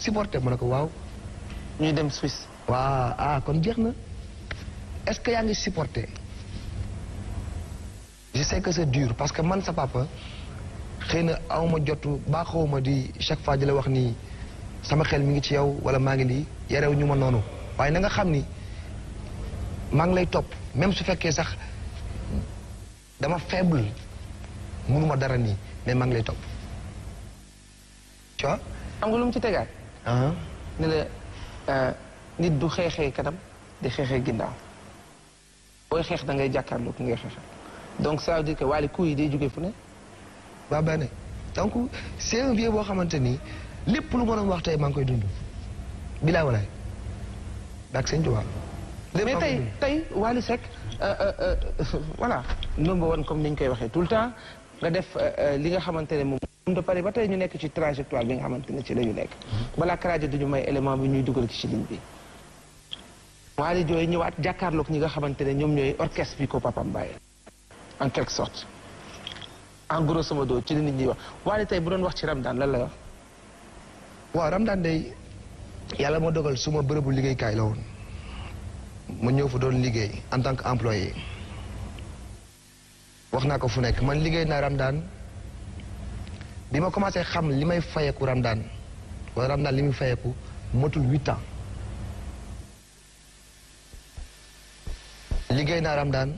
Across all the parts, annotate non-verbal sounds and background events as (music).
supporté monaco ne ko dem Suisse. wa ah kon Es est-ce que ya nga supporté je sais que c'est dur parce que man sa papa xeyna awma jotu ba xawma di chaque fois dila wax ni sama xel mi ngi ci yow wala ma ngi lii yarew ñu ma noonu waaye nga xamni ma ngi lay top même su fekke sax dama faible mënuma dara ni mais ma ngi lay top tu vois. angulum ci tegaat. Uh-huh. Uh, nit du xeexee kanam di xeexee ginnaaw booy xeex da ngay jàkkaarloo ki ngay xeexal donc ça veut dire que waale coup yi day juge fu ne. waaw benn donc c'est un boo xamante ni lépp lu ma doon wax tey maa ngi koy dund. bilaa walaay. daag sëñ Tuubaa. mais tey tey Wally Seck euh, euh, euh, voilà number one comme ni ñu koy waxee tout le temps nga def euh, euh, li nga xamante ne moom de Paris ba tey ñu nekk ci trajectoire bi nga xamante ne ci la ñu nekk balaa karaajo duñu may élément bi ñuy dugal ci ligne bi Waly Dioye ñëwaat jàkkaarloog ñi nga xamante ne ñoom ñooy orchestre bi ko papam bàyyi en quelque sorte en grosso modo ci li nit ñi wax Waly tey bu doon wax ci Ramadan lan la waa waaw Ramadan day yàlla moo dogal suma bërëbu liggéeykaay la woon ma ñëw fa doon liggéey en tant que employé wax naa ko fu nekk man liggéey naa Ramadaan bi ma commencé xam li may fayeku Ramadaan wala Ramadaan li muy fayeku motul huit ans liggéey naa Ramadaan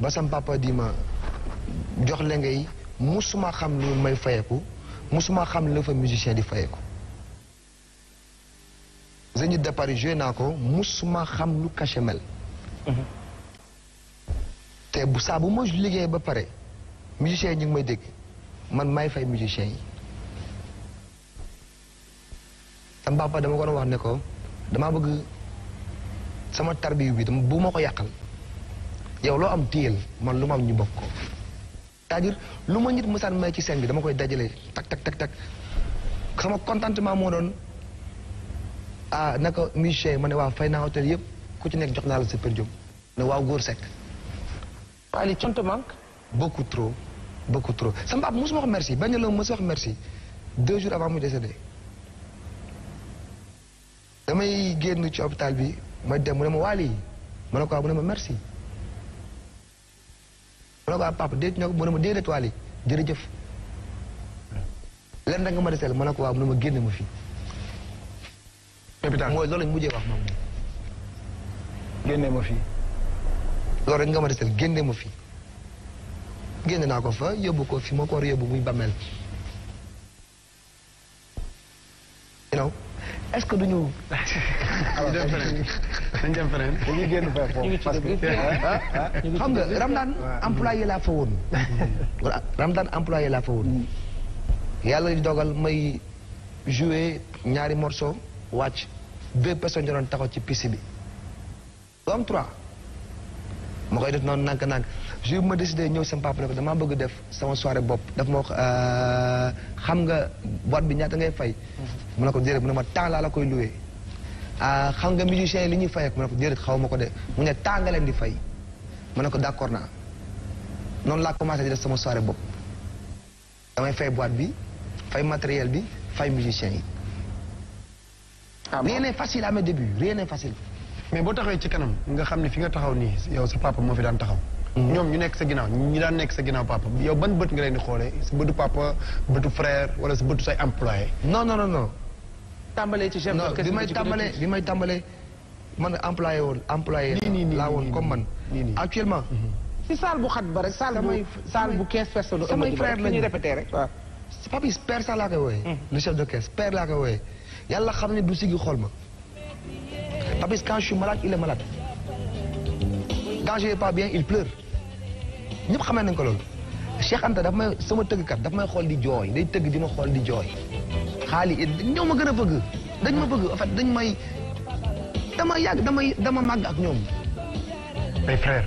ba sam papa ma jox la ngay musuma xam lu may fayeku musuma xam la fa musicien di fayeku Zénith de Paris joué naa ko musuma xam lu cachet mel mhm. té bu sa bu mo liggéey ba paré musicien ñing may dégg man may fay musicien yi tam papa dama ko wax né ko dama bëgg sama tarbiyu bi bu mako yakal yow lo am tiel man luma am ñu bokk c'est-à-dire luma nit mësan may ci sen bi dama koy dajalé tak tak tak tak sama contentement mo doon ah nako musicien mané wa fay na hôtel yépp ku ci nek jox na la sa per né wa waaw sek te manque beaucoup trop beaucoup trop Ça pas merci merci deux jours avant Je décéder damay génn ci hôpital bi ma dem mu ne ma ma merci je papa je ne ma déedéet Wally jërëjëf lenn nga ma desel ma ne ne je lañ loolu nga ma desel génne ma fi génne naa ko fa yóbbu ko fi ma ko yóbbu muy bàmmeel yow est-ce que duñu (laughs) dañ dem feneen dañuy génn fee parce (laughs) ah, ah. xam nga Ramadaan employé laa fa woon (laughs) Ramadaan employé laa fa woon mm. yàlla di dogal may jouer ñaari morceau wàcc deux personnes ñu taxaw ci piste bi ma koy non nan nànk nànk jour ma décidé ñëw sama papa ne ko bëgg def sama soirée bob, daf mo wax euh, xam nga boîte bi ñaata ngay fay. Mhm. mu ne ko mu ma temps laa la koy loué. Euh, xam nga musiciens yi li ñuy fay ak mu ne ko déedéet ko de mu ne nga di fay mu ne non commencé def sama soirée bopp. fay boîte bi fay material bi fay musiciens yi. Ah rien n'est facile à mes débuts rien n'est facile. mais boo taxawee ci kanam nga xam ne fi nga taxaw nii yow sa papa moo fi daan taxaw. ñoom ñu nekk sa ginnaaw ñi daan nekk sa ginnaaw papa yow ban bët nga leen di xoolee sa bëtu papa bëtu frère wala sa bëtu say employé. non non non non. tàmbalee ci chef non bi may tàmbalee bi may tàmbalee man employé woon employé. laa woon comme man. actuellement. Mhm. si saal bu xat ba rek. saal bu saal bu 15 personnes. samay frère lañu répété laa koy wooyee. Mm. le chef de caisse père laa koy wooyee. yàlla xam ne du siggi xool ma. Papis, quand je suis malade, il est je ne pas bien, il pleure. ñëpp xamee nañ ko loolu. Cheikh Anta daf may sama tëggkat daf may xool di jooy day tëgg di ma xool di jooy. xaalis it ñoo ma gën a bëgg. dañ ma bëgg en fait dañ may dama yàgg dama dama màgg ak ñoom. mes frères.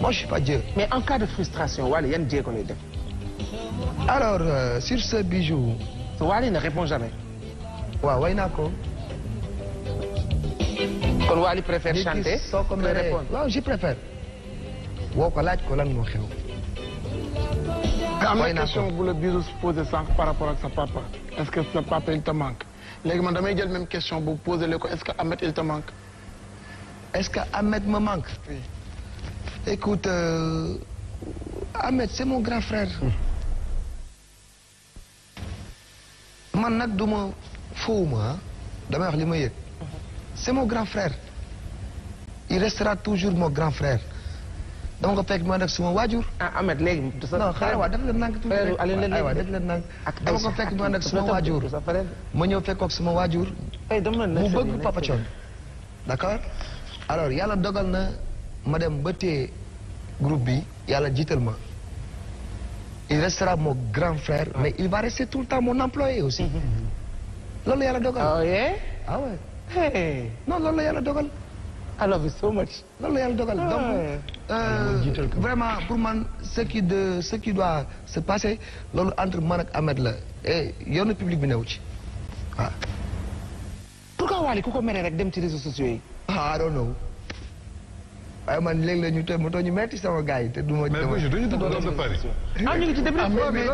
Moi, je suis pas Dieu. Mais en cas de frustration, Wally, il y a un Dieu qu'on est Alors, euh, sur ce bijou... Wally ne répond jamais. Ouais, ouais, quoi Quand Wally préfère chanter, il répond. Non, je préfère. Wokolaj quand la Am une question que le Bijou se ça par rapport à sa papa est-ce que sa papa il te manque léegi man damay jël même question Vous posez le est-ce que il te manque. est-ce que me manque. Écoute, euh, Ahmed, c'est mon grand frère. man nag du ma fowuma ah. damay wax li ma yëg. c'est mon grand frère. il restera toujours mon grand frère. dama ko fekk ma nekk suma waajur. ah Ahmed léegi. non xaaral waaw def leen leen nang. ak dama ko fekk ma nekk suma waajur. ma ñëw fekk ak suma waajur. mu bëgg Papa d'accord alors yàlla ma dem ba téye groupe bi yàlla jiital ma il restera mon grand frère mais il va rester tout le temps mon employé aussi loolu la yàlla dogal ah, ah ouais non loolu la dogal I love you so much loolu la dogal donc ah euh, ah, vraiment pour man ce qui de ce qui doit se passer loolu entre man ak Ahmed la et eh, yoonu public bi new ci waaw pourquoi Wally ku ko mere rek dem ci réseaux sociaux yi I don't know waaye man léegi la ñu tooy ma tooy ñu metti sama gars yi te du ma. mais monsieur du ñu dugg Londres Paris. ah ñu ngi Paris. maa ngi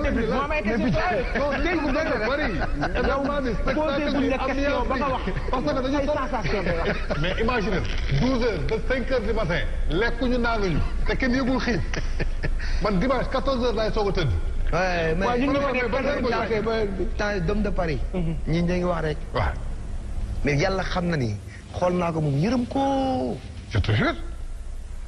posé buñ la question ba nga wax. parce lekkuñu naanuñu te kenn yëgul xiif man dimanche 14 a tëdd. waaye de Paris. ñi ñu ngi wax rek. waaw mais yàlla xam na ni xool naa ko moom yërëm ko.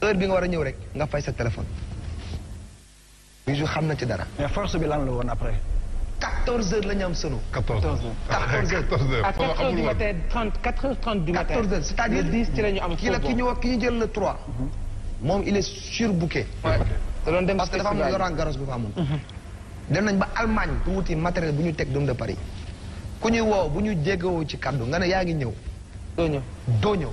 heure bi nga war a ñëw rek nga fay sa téléphone. bisu xam na ci dara. mais force bi lan la woon après. 14 heures la ñu am sonu. 14 heures 14 heures. 14 heures à 4 heures du matin am. kii la ki ñu jël le 3. moom il est surbooké. te loolu dem parce que dafa am yoraan garos bu mhm. nañ ba Allemagne pour wuti matériel bu ñu teg Dôme de Paris. ku ñuy woo bu ñu jéggewoo ci kaddu nga ne yaa ngi ñëw. doo ñëw doo ñëw.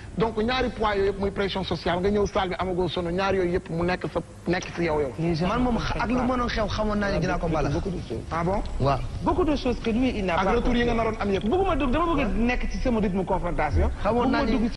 donc ñaari poids yooyu yëpp muy pression sociale nga ñëw salle bi amagoo sono ñaar yooyu yëpp mu nekk sa nekk si man moom ak lu mënoon xew xamoon naa ne dinaa ko mbala. ah de choses que lui il n'a pas. ak retour yi nga naroon am yëpp. bëgguma dugg dama bëgg nekk ci sama rythme confrontation. xamoon naa ni